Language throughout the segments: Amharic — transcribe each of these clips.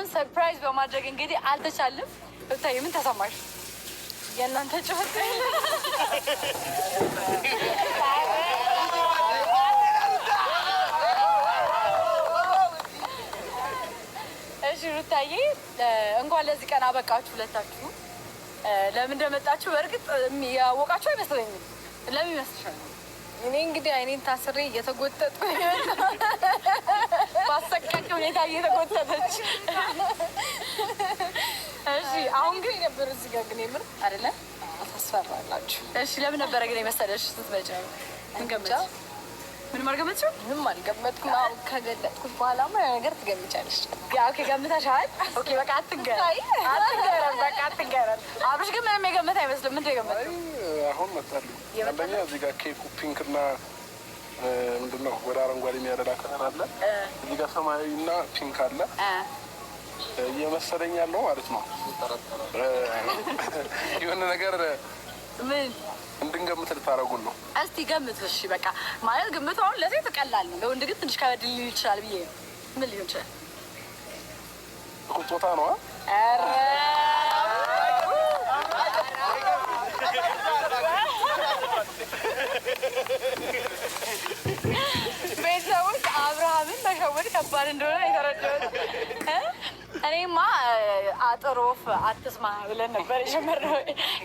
እሱንም ሰርፕራይዝ በማድረግ እንግዲህ አልተቻልም። እታዬ ምን ተሰማሽ? የእናንተ ጩኸት እሺ፣ ሩታዬ እንኳን ለዚህ ቀን አበቃችሁ ሁለታችሁ። ለምን እንደመጣችሁ በእርግጥ ያወቃችሁ አይመስለኝም። ለምን ይመስልሻል? እኔ እንግዲህ አይኔን ታስሬ እየተጎጠጥኩ ባሰቃቂ ሁኔታ እየተጎተተች። እሺ አሁን ግን የነበረ እዚህ ጋር ግን የምር አይደለም ታስፈራላችሁ። እሺ ለምን ነበረ ግን የመሰለሽ ስትመጪ? እንገምቻ ምን ማርገመት ምንም አልገመትኩም። አሁን ከገለጥኩት በኋላ ማ ነገር ትገምቻለሽ። ኦኬ ገምተሻል። ኦኬ በቃ አትገረም፣ አትገረም፣ በቃ አትገረም። አብሮሽ ግን ምንም የገመት አይመስልም። ምንድን የገመት አሁን መጣሉ አንደኛ እዚህ ጋር ኬኩ ፒንክ እና ምንድን ነው ወደ አረንጓዴ የሚያደላ ከለር አለ። እዚህ ጋር ሰማያዊና ፒንክ አለ እየመሰለኝ ያለው ማለት ነው። የሆነ ነገር ምን እንድንገምት ልታደርጉን ነው? እስቲ ገምት። እሺ በቃ ማለት ግምቱ አሁን ለሴት ቀላል ነው፣ ለወንድ ግን ትንሽ ከበድ ሊል ይችላል ብዬ ምን ሊሆን ይችላል? ቁጦታ ነው። ቤተሰቦች አብርሃምን መሸወድ ከባድ እንደሆነ የተረዳሁት እኔማ አጥር ወፍ አትስማ ብለን ነበር የጀመርነው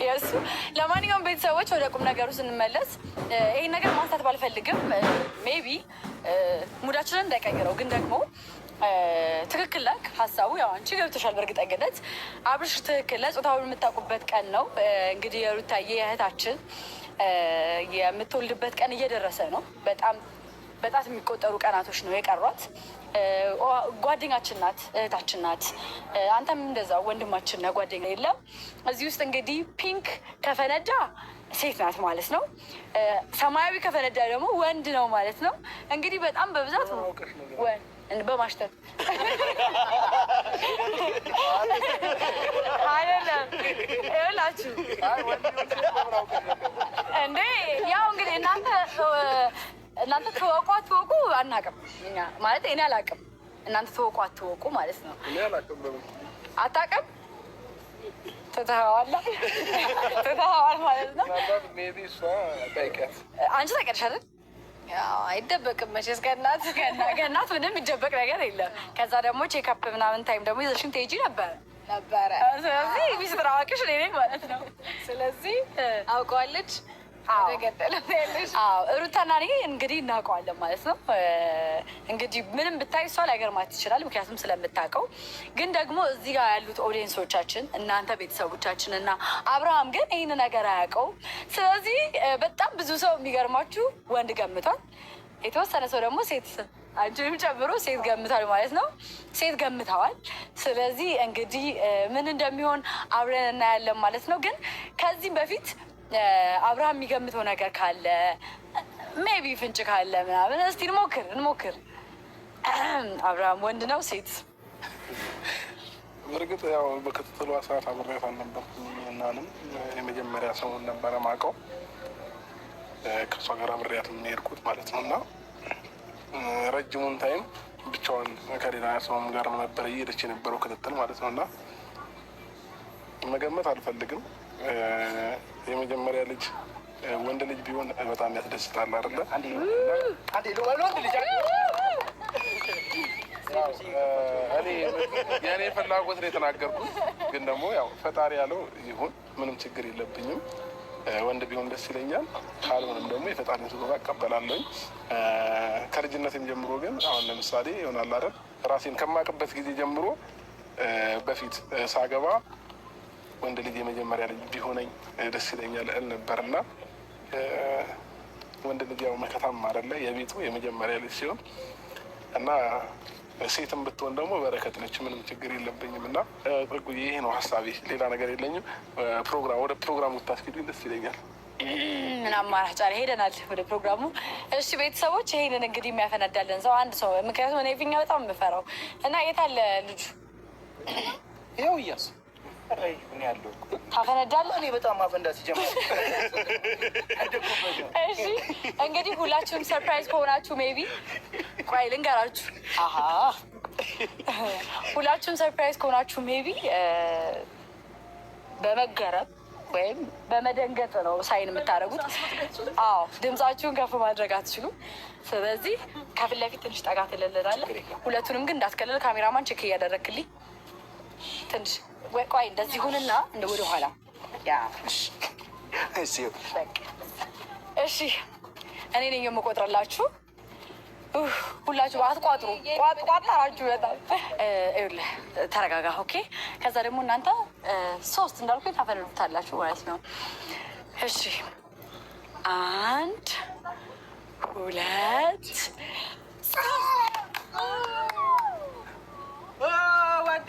የእሱ። ለማንኛውም ቤተሰቦች ወደ ቁም ነገሩ ስንመለስ ይህን ነገር ማንሳት ባልፈልግም ሜይ ሙዳችንን እንዳይቀይረው ግን ደግሞ ትክክል ነህ። ሀሳቡ ያው አንቺ ገብተሻል። በእርግጠኝነት አብርሽ ትክክል ነህ። የምታውቁበት ቀን ነው እንግዲህ የሩታዬ እህታችን የምትወልድበት ቀን እየደረሰ ነው። በጣም በጣት የሚቆጠሩ ቀናቶች ነው የቀሯት። ጓደኛችን ናት፣ እህታችን ናት። አንተም እንደዛ ወንድማችን ና ጓደኛ የለም እዚህ ውስጥ እንግዲህ ፒንክ ከፈነዳ ሴት ናት ማለት ነው። ሰማያዊ ከፈነዳ ደግሞ ወንድ ነው ማለት ነው። እንግዲህ በጣም በብዛት በማሽተት አይደለም ላችሁ እንዴ ያው እንግዲህ እናንተ እናንተ ትወቁ አትወቁ አናውቅም። እኛ ማለት እኔ አላውቅም፣ እናንተ ትወቁ አትወቁ ማለት ነው። አታውቅም ትተኸዋለህ፣ ትተኸዋል ማለት ነው። አንቺ ታውቂያለሽ አይደል? አይደበቅም መቼስ ገናት ገናት ምንም ይደበቅ ነገር የለም። ከዛ ደግሞ ቼክአፕ ምናምን ታይም ደግሞ ይዘሽን ትሄጂ ነበረ ነበረ። ስለዚህ ሚስጥር አዋቂሽ እኔ ነኝ ማለት ነው። ስለዚህ አውቀዋለች ሩታና እኔ እንግዲህ እናውቀዋለን ማለት ነው። እንግዲህ ምንም ብታይ እሷ ላይገርማት ይችላል፣ ምክንያቱም ስለምታውቀው። ግን ደግሞ እዚህ ጋር ያሉት ኦዲየንሶቻችን፣ እናንተ ቤተሰቦቻችን እና አብርሃም ግን ይህን ነገር አያውቀው ስለዚህ በጣም ብዙ ሰው የሚገርማችሁ ወንድ ገምቷል። የተወሰነ ሰው ደግሞ ሴት አንቺንም ጨምሮ ሴት ገምታል ማለት ነው። ሴት ገምተዋል። ስለዚህ እንግዲህ ምን እንደሚሆን አብረን እናያለን ማለት ነው። ግን ከዚህ በፊት አብርሃም የሚገምተው ነገር ካለ ሜቢ ፍንጭ ካለ ምናምን እስቲ እንሞክር እንሞክር። አብርሃም ወንድ ነው ሴት? በእርግጥ ያው በክትትሉ ሰዓት አብሬያት አልነበርኩም። እናንም የመጀመሪያ ሰውን ነበረ ማውቀው ከእሷ ጋር አብሬያት የሚሄድኩት ማለት ነው። እና ረጅሙን ታይም ብቻዋን ከሌላ ሰውም ጋር ነበር እየሄደች የነበረው ክትትል ማለት ነው። እና መገመት አልፈልግም የመጀመሪያ ልጅ ወንድ ልጅ ቢሆን በጣም ያስደስታል አይደለ? የእኔ ፍላጎት ነው የተናገርኩት፣ ግን ደግሞ ያው ፈጣሪ ያለው ይሁን፣ ምንም ችግር የለብኝም። ወንድ ቢሆን ደስ ይለኛል፣ ካልሆንም ደግሞ የፈጣሪ ስጦታ እቀበላለሁ። ከልጅነትም ጀምሮ ግን አሁን ለምሳሌ ይሆናል አይደል ራሴን ከማቅበት ጊዜ ጀምሮ በፊት ሳገባ ወንድ ልጅ የመጀመሪያ ልጅ ቢሆነኝ ደስ ይለኛል እል ነበርና ወንድ ልጅ ያው መከታም አይደለ የቤቱ የመጀመሪያ ልጅ ሲሆን እና ሴትም ብትሆን ደግሞ በረከት ነች። ምንም ችግር የለብኝም እና ጥጉ ይሄ ነው ሀሳቤ። ሌላ ነገር የለኝም። ፕሮግራም ወደ ፕሮግራሙ ብታስኬዱኝ ደስ ይለኛል። ምን አማራጭ አለ? ሄደናል ወደ ፕሮግራሙ። እሺ ቤተሰቦች፣ ይሄንን እንግዲህ የሚያፈነዳለን ሰው አንድ ሰው፣ ምክንያቱም እኔ ፊኛ በጣም የምፈራው እና የታለ ልጁ ይኸው እያሱ ታፈነዳለህ። እኔ በጣም ማፈንዳት ሲጀምር እሺ፣ እንግዲህ ሁላችሁም ሰርፕራይዝ ከሆናችሁ ሜይ ቢ ቆይ ልንገራችሁ። ሁላችሁም ሰርፕራይዝ ከሆናችሁ ሜይ ቢ በመገረም ወይም በመደንገጥ ነው ሳይን የምታደርጉት። አዎ ድምፃችሁን ከፍ ማድረግ አትችሉም። ስለዚህ ከፊት ለፊት ትንሽ ጠጋ ትልልናለን። ሁለቱንም ግን እንዳትከልል ካሜራማን ቼክ እያደረግክልኝ ትንሽ ቆይ እንደዚህ ሁንና እንደ ወደ ኋላ እሺ። እኔ ነኝ የምቆጥርላችሁ። ሁላችሁ አትቋጥሩ፣ ቋጥራችሁ በጣም ተረጋጋ። ኦኬ። ከዛ ደግሞ እናንተ ሶስት እንዳልኩ ታፈልሉታላችሁ ማለት ነው። እሺ፣ አንድ ሁለት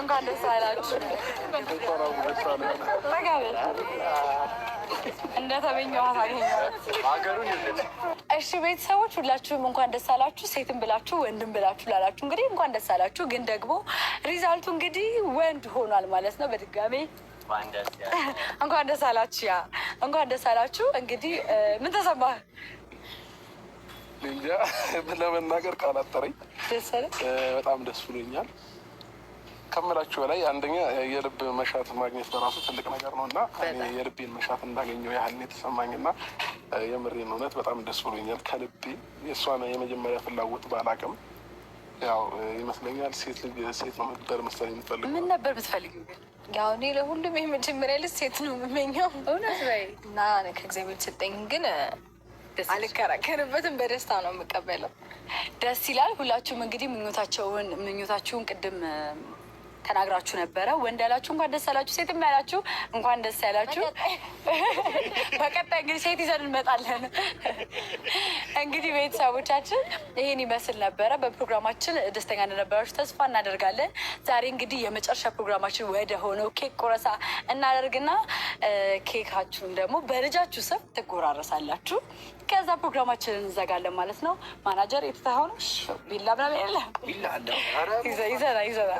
እንኳን ደስ አላችሁ። እንደተመኘው እሺ፣ ቤተሰቦች ሁላችሁም እንኳን ደስ አላችሁ። ሴትም ብላችሁ ወንድም ብላችሁ ላላችሁ እንግዲህ እንኳን ደስ አላችሁ። ግን ደግሞ ሪዛልቱ እንግዲህ ወንድ ሆኗል ማለት ነው በድጋሜ እንኳን ደስ አላችሁ። ያ እንኳን ደስ አላችሁ። እንግዲህ ምን ተሰማህ? እንጃ ለመናገር ካላጠረኝ በጣም ደስ ብሎኛል ከምላችሁ በላይ አንደኛ የልብ መሻት ማግኘት በራሱ ትልቅ ነገር ነው እና የልቤን መሻት እንዳገኘው ያህል የተሰማኝ እና የምሬን እውነት በጣም ደስ ብሎኛል ከልቤ። የእሷን የመጀመሪያ ፍላጎት ባላቅም ያው ይመስለኛል ሴት ልጅ ሴት ነው ምትበር መሰለኝ የምትፈልግ ምን ነበር ብትፈልግ ያው እኔ ለሁሉም የመጀመሪያ ልጅ ሴት ነው የምመኘው እውነት ላይ እና ከእግዚአብሔር ሰጠኝ ግን አልከራከርበትም። በደስታ ነው የምቀበለው። ደስ ይላል። ሁላችሁም እንግዲህ ምኞታቸውን ምኞታችሁን ቅድም ተናግራችሁ ነበረ። ወንድ ያላችሁ እንኳን ደስ ያላችሁ፣ ሴትም ያላችሁ እንኳን ደስ ያላችሁ። በቀጣይ እንግዲህ ሴት ይዘን እንመጣለን። እንግዲህ ቤተሰቦቻችን ይህን ይመስል ነበረ። በፕሮግራማችን ደስተኛ እንደነበራችሁ ተስፋ እናደርጋለን። ዛሬ እንግዲህ የመጨረሻ ፕሮግራማችን ወደ ሆነው ኬክ ቆረሳ እናደርግና ኬካችሁን ደግሞ በልጃችሁ ስም ትጎራረሳላችሁ። ከዛ ፕሮግራማችን እንዘጋለን ማለት ነው። ማናጀር የተታሆነ ቢላ ምናምን ይዘና ይዘና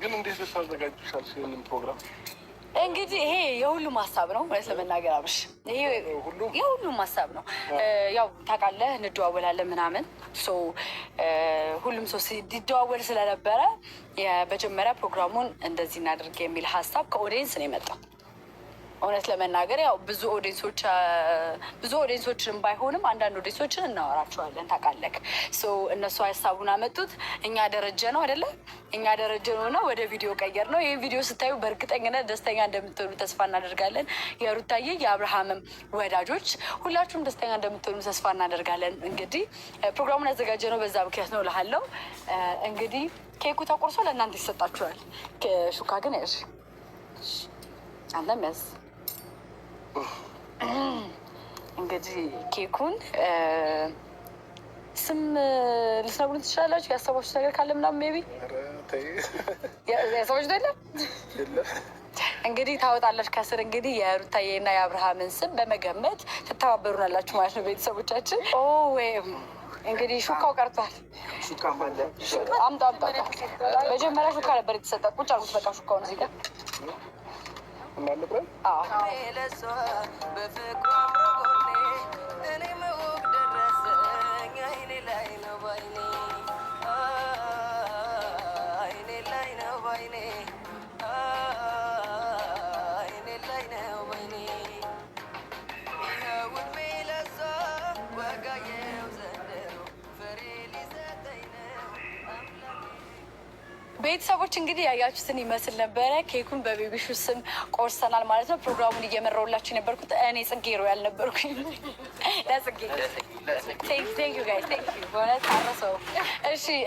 ግን እንዴት ልታዘጋጅሻል? ፕሮግራም እንግዲህ ይሄ የሁሉም ሀሳብ ነው። እውነት ለመናገር አብርሽ፣ ይሄ የሁሉም ሀሳብ ነው። ያው ታውቃለህ፣ እንደዋወላለን ምናምን ሁሉም ሰው ሲደዋወል ስለነበረ መጀመሪያ ፕሮግራሙን እንደዚህ እናድርግ የሚል ሀሳብ ከኦዲየንስ ነው የመጣው። እውነት ለመናገር ያው ብዙ ኦዲንሶች ብዙ ኦዲንሶችን ባይሆንም አንዳንድ ኦዲንሶችን እናወራቸዋለን። ታውቃለህ፣ እነሱ ሀሳቡን አመጡት። እኛ ደረጀ ነው አይደለ? እኛ ደረጀ ነው እና ወደ ቪዲዮ ቀየር ነው። ይህ ቪዲዮ ስታዩ በእርግጠኝነት ደስተኛ እንደምትሆኑ ተስፋ እናደርጋለን። የሩታዬ የአብርሃምም ወዳጆች ሁላችሁም ደስተኛ እንደምትሆኑ ተስፋ እናደርጋለን። እንግዲህ ፕሮግራሙን ያዘጋጀ ነው በዛ ምክንያት ነው እልሃለሁ። እንግዲህ ኬኩ ተቆርሶ ለእናንተ ይሰጣችኋል። ሹካ ግን ያዝ አንተም ያዝ እንግዲህ ኬኩን ስም ልትነግሩን ትችላላችሁ። ያሰባችሁት ነገር ካለ ምናምን ሜይ ቢ ያሰባችሁት የለም እንግዲህ ታወጣለች ከስር እንግዲህ የሩታዬ የሩታዬና የአብርሃምን ስም በመገመት ትተባበሩናላችሁ ማለት ነው። ቤተሰቦቻችን ወይም እንግዲህ ሹካው ቀርቷል። አምጣ አምጣ። መጀመሪያ ሹካ ነበር የተሰጠ። ቁጭ አልኩት። በቃ ሹካውን እዚህ ጋር እናንብረው ቤተሰቦች እንግዲህ ያያችሁትን ይመስል ነበረ። ኬኩን በቤቢሹ ስም ቆርሰናል ማለት ነው። ፕሮግራሙን እየመራሁላችሁ የነበርኩት እኔ ጽጌ ነው ያልነበርኩኝ። ለጽጌ እሺ